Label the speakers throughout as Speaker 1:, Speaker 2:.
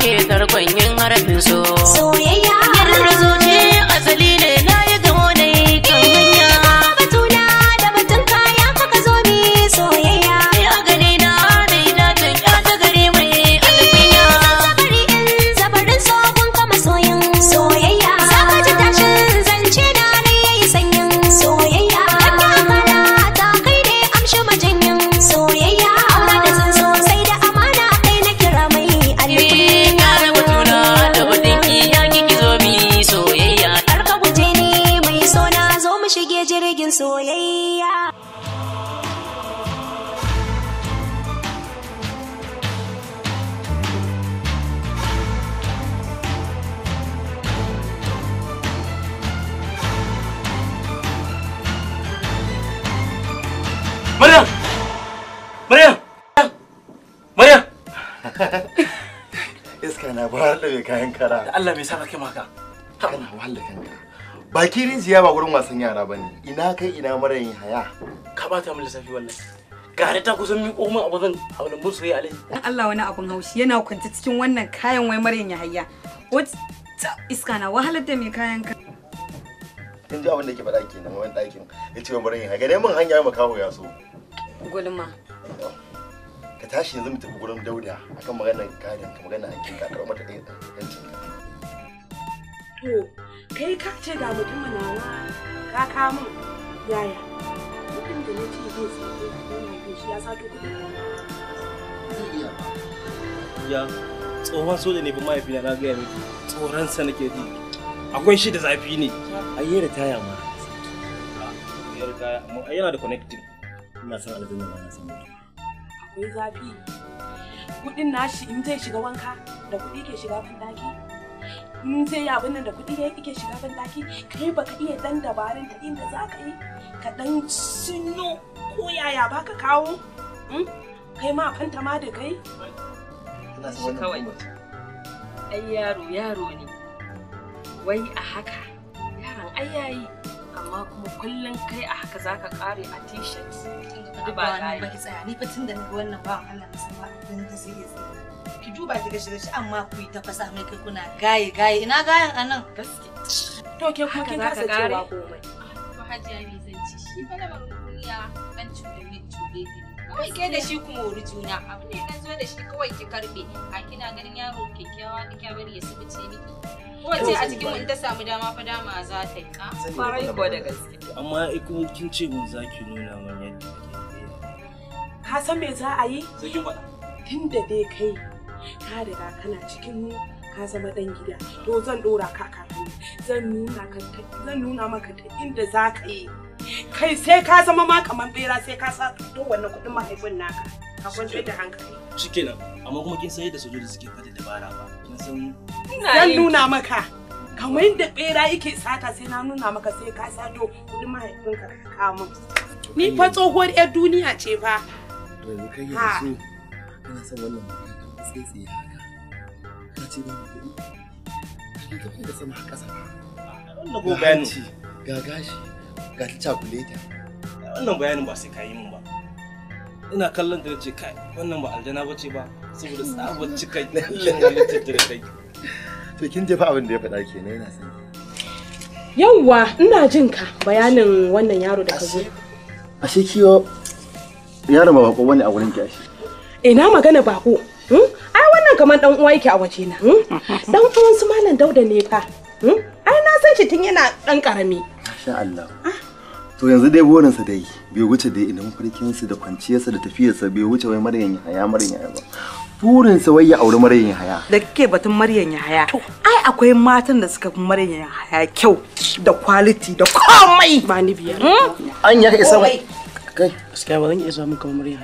Speaker 1: ke tarkon yin harafin so soyayya
Speaker 2: wahala kayan kara da Allah maka kana ba kirin yara bane ina kai ina mara yin haya ka lissafi wallahi gare ta kusan miƙo min abu zan abu alai
Speaker 1: Allah wani yana cikin wannan kayan wai mara yin haya what iska na wahalar da mai ka yanzu
Speaker 2: abin da ke faɗa kenan wani ɗakin ya so gulma oh. tashi yanzu mu tafi gurin dauda akan maganar gadon ka magana hakika ka mata kai yancin ka
Speaker 1: to kai ka ce ga mutum nawa ka ka min yaya mutum da nace zai tsoro yana shi ya sato kudin ya tsohon soja ne ba mahaifina na gaya miki tsoronsa nake ji akwai shi da zafi ne a
Speaker 2: yi ritaya ma yana da connecting ina son aljanna na san mutum
Speaker 1: akwai zafi kudin nashi in zai shiga wanka da kudi ke shiga ban daki in zai yi abin nan da kudi ya ke shiga ban daki kai baka iya dan dabarun da inda za ka yi ka dan sinyo ko yaya baka kawo hmm? kai ma fanta ma da kai kawai ai yaro yaro ne wai a haka yaron ai amma kuma kullum kai a haka zaka kare a t-shirt duk ba wannan ba ki tsaya ni fa tun da naga wannan ba Allah ba da naga sai ya tsaya ki duba ki gashi gashi amma ku yi ta fasa mai kai kuna gaye gaye ina gayan anan gaske to ke kuma kin kasa cewa komai ba hajiya ne zan ci shi fa da ban ban cuɗe ni cuɗe ni kawai ke da shi kuma wuri juna abu ne dan zo da shi kawai ki karbe a kina ganin yaro kyakkyawa da kya bari ya subuce miki kowace a cikin in ta samu dama fa dama za ta yi Fara ah. yi ko da gaske amma kuma kin ce mun zaki nuna mun yadda ka san me za a yi tun da dai kai ka riga kana cikin mu ka zama dan gida to zan dora ka kan zan nuna ka zan nuna maka ta inda za ka yi kai sai ka zama ma kamar bera sai ka sa to wannan kuɗin mahaifin naka ka kwantar da hankali
Speaker 2: shikenan amma kuma kin san yadda sojoji suke fata dabara ba kin san
Speaker 1: zan nuna maka kamar yadda bera yake sata sai na nuna maka sai ka sa to kuɗin mahaifinka ka kama ni fa tsohuwar 'yar duniya ce fa
Speaker 2: da yanzu kai son wannan ta tsaye haka ce ba kuɗi ka fi da sama a ƙasa ga gashi ga ta cakuleta wannan bayanin ba sai ka yi ba ina kallon da ce kai wannan ba aljana ba ce ba saboda tsabar cika lallan da kai to kin jefa abin da ya faɗa kenan
Speaker 1: yana son ina jin ka bayanin wannan yaro da ka zo
Speaker 2: ashe kiyo Yaron ba bako bane a wurin ki ashe.
Speaker 1: Ina magana bako? Hmm? Ai wannan kamar dan uwa yake a waje na. Hmm? Dan uwan su Malam Dauda ne fa. Hmm? Ai na san shi tun yana dan karami. Masha Allah. Ah.
Speaker 2: To yanzu dai burinsa dai bai wuce dai idan mafarkinsa da kwanciyarsa da tafiyarsa bai wuce wai maryan haya maryan Yahaya ba. sa wai ya auri maryan haya. Da
Speaker 1: kike batun Maryam to Ai akwai matan da suka fi maryan haya kyau da quality da komai. Ba ni biyar. An ya isa kai gaskiya ba zan iya samun kamar murya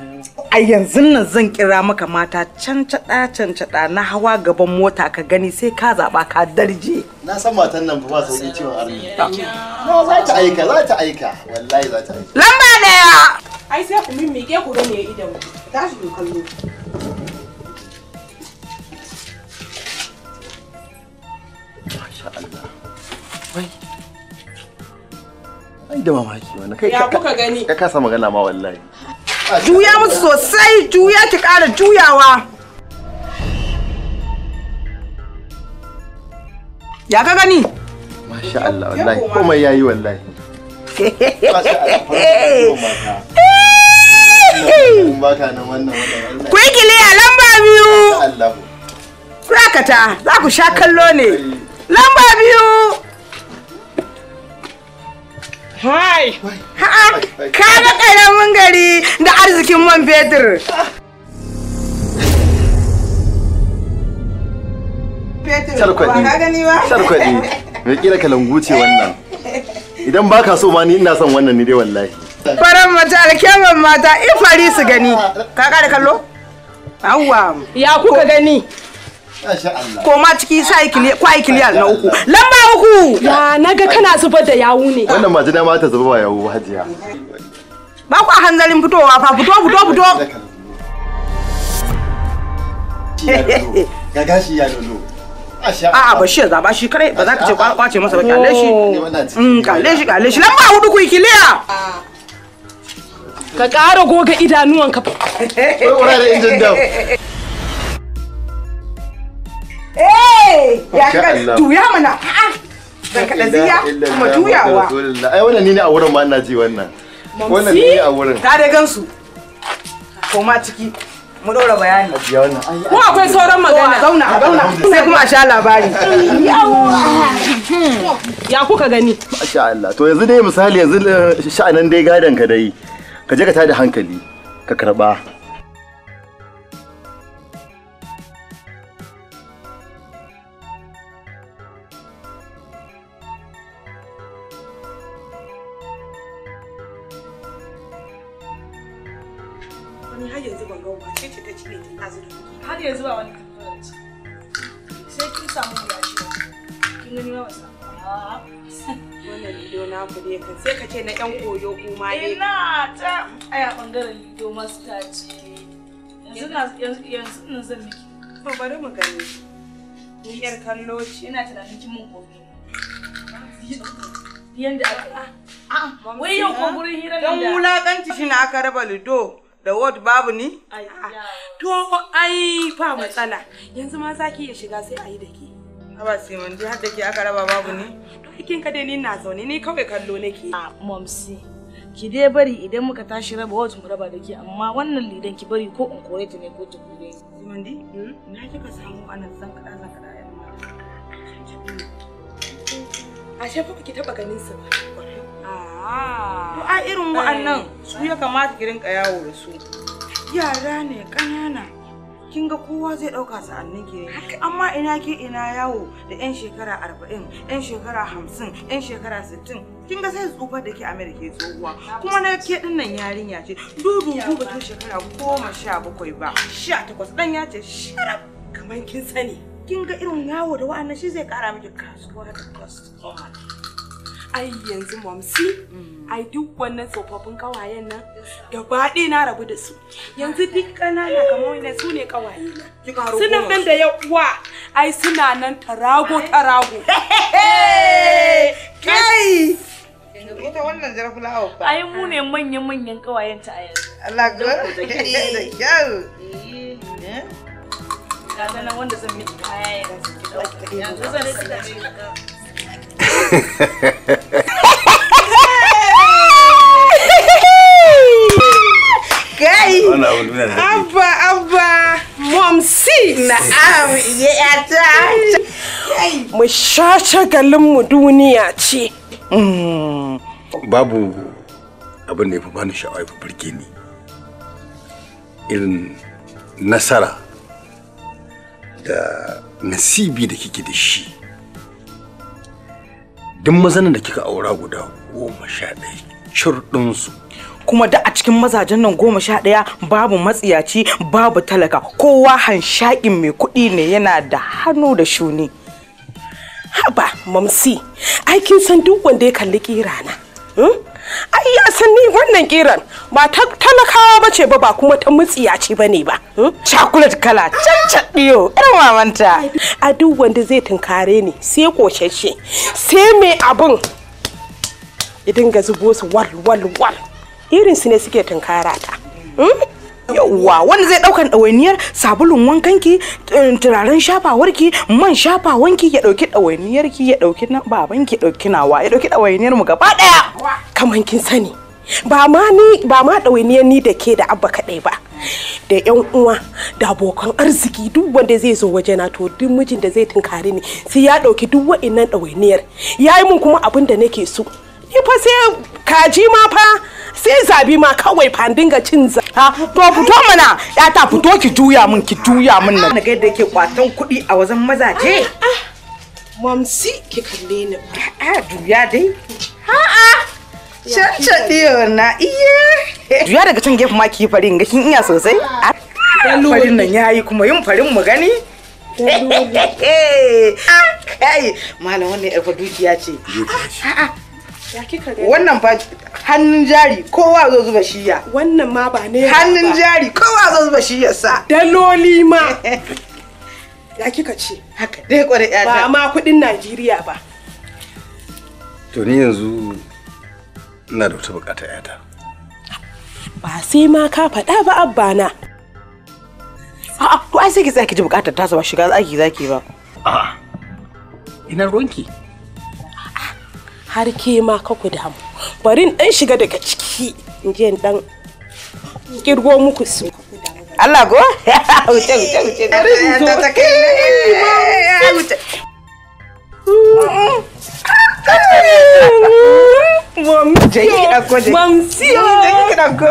Speaker 1: a yanzu nan zan kira maka mata can cada can cada na hawa gaban
Speaker 2: mota ka gani sai ka zaba ka darje na san matan nan ba su yi ciwon arni no za ta aika za ta aika wallahi za ta aika
Speaker 1: lamba ya. ai sai ku mimmike ku gane idan tashi ku kallo
Speaker 2: da mamaki wannan kai ya kuka gani ka kasa magana ma wallahi
Speaker 1: juya musu sosai juya ki kara juyawa
Speaker 2: ya ka gani masha Allah wallahi komai yayi wallahi ku yi kiliya lamba biyu Rakata za ku sha kallo ne lamba biyu
Speaker 1: Hai! Ha'a! Ka ga ƙaramin gari da arzikin man fetur! Sarkwadi, sarkwadi,
Speaker 2: mai kira kalangu ce wannan. Idan ba ka so ni ina son wannan ni dai wallahi.
Speaker 1: Faran mata da mata in fari su gani. Ka ƙara kallo? Yawwa! Ya kuka gani? ko koma ciki sai kwai kiliyar na uku lamba uku ya naga kana zubar da yawu ne wannan ma
Speaker 2: majina ma ta zuba ba yawu hajiya
Speaker 1: ba ku a hanzarin fitowa fa fito fito fito ga gashi ya lolo a'a ba shi ya zaba shi kare ba za ka ce kwace masa ba kyale shi
Speaker 2: oh. mm,
Speaker 1: kyale shi kyale shi lamba hudu ku kiliya ka kara goga idanuwanka. Wai wurare injin dam. eh ya ka juya mana a'a
Speaker 2: da kalaziya kuma juyawa ai wannan ni ne a wurin ma ina ji wannan wannan ni ne a wurin ta
Speaker 1: da gansu koma ciki
Speaker 2: mu ɗora bayani. Ko akwai sauran magana. Zauna, zauna. Sai kuma a sha labari.
Speaker 1: Ya kuka gani?
Speaker 2: Masha Allah. To yanzu dai misali yanzu eh, sha'anan dai gadon ka dai. Ka je ka tada hankali. Ka karba.
Speaker 1: ni har yanzu ban ga wace ce ta ci ne ta zuwa har yanzu ba wani kan sai kin samu ya ci kin gani ma wasa wannan lido na ku ne kan sai ka ce na yan koyo kuma ne ina ta aya bangaren lido master ce yanzu na yanzu yanzu ina zan miki to bari mu gani ni yar kallo ce ina tunanin kin mun gobe yanda aka a wai yau ko gurin hira da dan wulakanci shi na aka raba lido da ward babu ni? Ah, to ai ba matsala yanzu ma za ki iya shiga sai a yi da ke. Haba Simon duk har da ke aka raba babu ni? To aikin ka dai ni na zaune ni kawai kallo nake. A ah, momsi ki dai bari idan muka tashi raba ward mu raba da ke amma wannan lidan ki bari ko in kore ta ne ko ta kore ni. Simon hmm? na kika samu anan zan kada zan kada. Ashe fa ki taba ganin su ba. to ai irin wa'annan su ya kamata girin kayawo yawo da su yara ne ƙanana kin ga kowa zai ɗauka sa'annin ki amma ina ke ina yawo da 'yan shekara 40 'yan shekara 50 'yan shekara 60 kin ga sai tsufa da ke amir tsohuwa kuma na ke din nan yarinya ce dudu duba ta shekara 17 sha bakwai ba 18 takwas ya ce sharaf kamar kin sani kin ga irin yawo da wa'annan shi zai ƙara miki kasuwa da kasuwa. ai yanzu mamsi mm. ai duk wannan tsofaffin kawayen nan gaba ɗaya na rabu da su yanzu duk ƙanana kamar wani su ne kawaye suna nan da ya uwa ai suna nan tarago tarago kai ita wannan ai mu ne manyan manyan kawayen ta a kai abba mu mu duniya ce
Speaker 2: mm. babu abin da ya fi bani sha'awa ya fi ni irin nasara da nasibi da kike da shi duk mazanin da kika aura guda goma sha ɗaya su
Speaker 1: kuma da a cikin mazajen nan goma sha ɗaya babu matsiyaci babu talaka kowa hanshaƙin mai kuɗi ne yana da hannu da shuni haba mamsi aikin san duk wanda ya kalli ƙirana. hmm? ai ya san ni wannan kiran ba ta talakawa ba ce ba ba kuma ta mutsiya ce ba ne ba hmm? chocolate kala cancan ɗiyo ɗan mamanta a duk wanda zai tunkare ni sai koshashe sai mai abun idan ga zubo su wal wal wal irin su ne suke tunkara ta hmm? yauwa wanda zai daukan ɗawainiyar sabulun wankanki eh, turaren shafawarki man shafawanki ya dauki ɗawainiyarki ya dauki babanki ya dauki nawa ya dauki ɗawainiyar mu gaba daya kaman kin sani ba ma ni ba ma ɗawainiyar ni da ke da abba kaɗai ba da yan uwa da abokan arziki duk wanda zai zo waje na to duk mijin da zai tunkare ni sai ya ɗauki duk wa'innan ɗawainiyar ya yi min kuma abin da nake so ni fa sai kaji ma fa sai zabi ma kawai fa dinga cin za ha to fito mana ya ta fito ki juya min ki juya min nan ga yadda yake kwatan kuɗi a wajen mazaje ah, ah, ah. mamsi ki kalle ni a juya dai Cancaɗewar na iya. Juya daga can gefen maki farin ga kin iya sosai. Ah. Farin nan ya yi kuma yin farin mu gani. Ah, ah. Kai, malam wannan yar dukiya ce. Wannan fa hannun jari kowa zo zuba shiya. Wannan ma ba ne. Hannun jari kowa zo zuba sa. Daloli ma. Ya kika ce. Haka dai kwarai Ba ma kudin Najeriya ba.
Speaker 2: To ni yanzu ina da wata bukata yata
Speaker 1: ba sai ma ka faɗa ba abba na a'a ko ai sai ki zaki ji bukatar ta ba shiga zaki zaki ba a'a ina ruwanki har ke ma ka ku damu bari in dan shiga daga ciki in je in dan kirgo muku su Allah go wuce wuce wuce bari in zo ta kai wuce Mamsio! Je ki ɗauko je. Mamsio! Je ki ɗauko.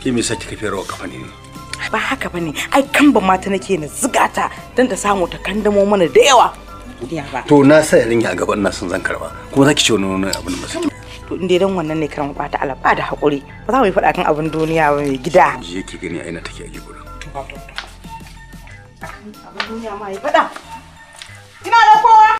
Speaker 2: Ki me yasa kika fi kafa ne?
Speaker 1: Ba haka bane, ai kan ba mata nake na ziga ta don ta samu ta kandamo mana da yawa.
Speaker 2: To na sa yarin a gaban na sun zan karba, kuma za ki ce wani abin da
Speaker 1: masu. To inda dan wannan ne karama ba ta alaba da hakuri ba za mu yi faɗa kan abin duniya ba mai gida.
Speaker 2: Je ki gani aina take a gidan.
Speaker 1: Abin duniya ma ya faɗa. tí máa lọ kó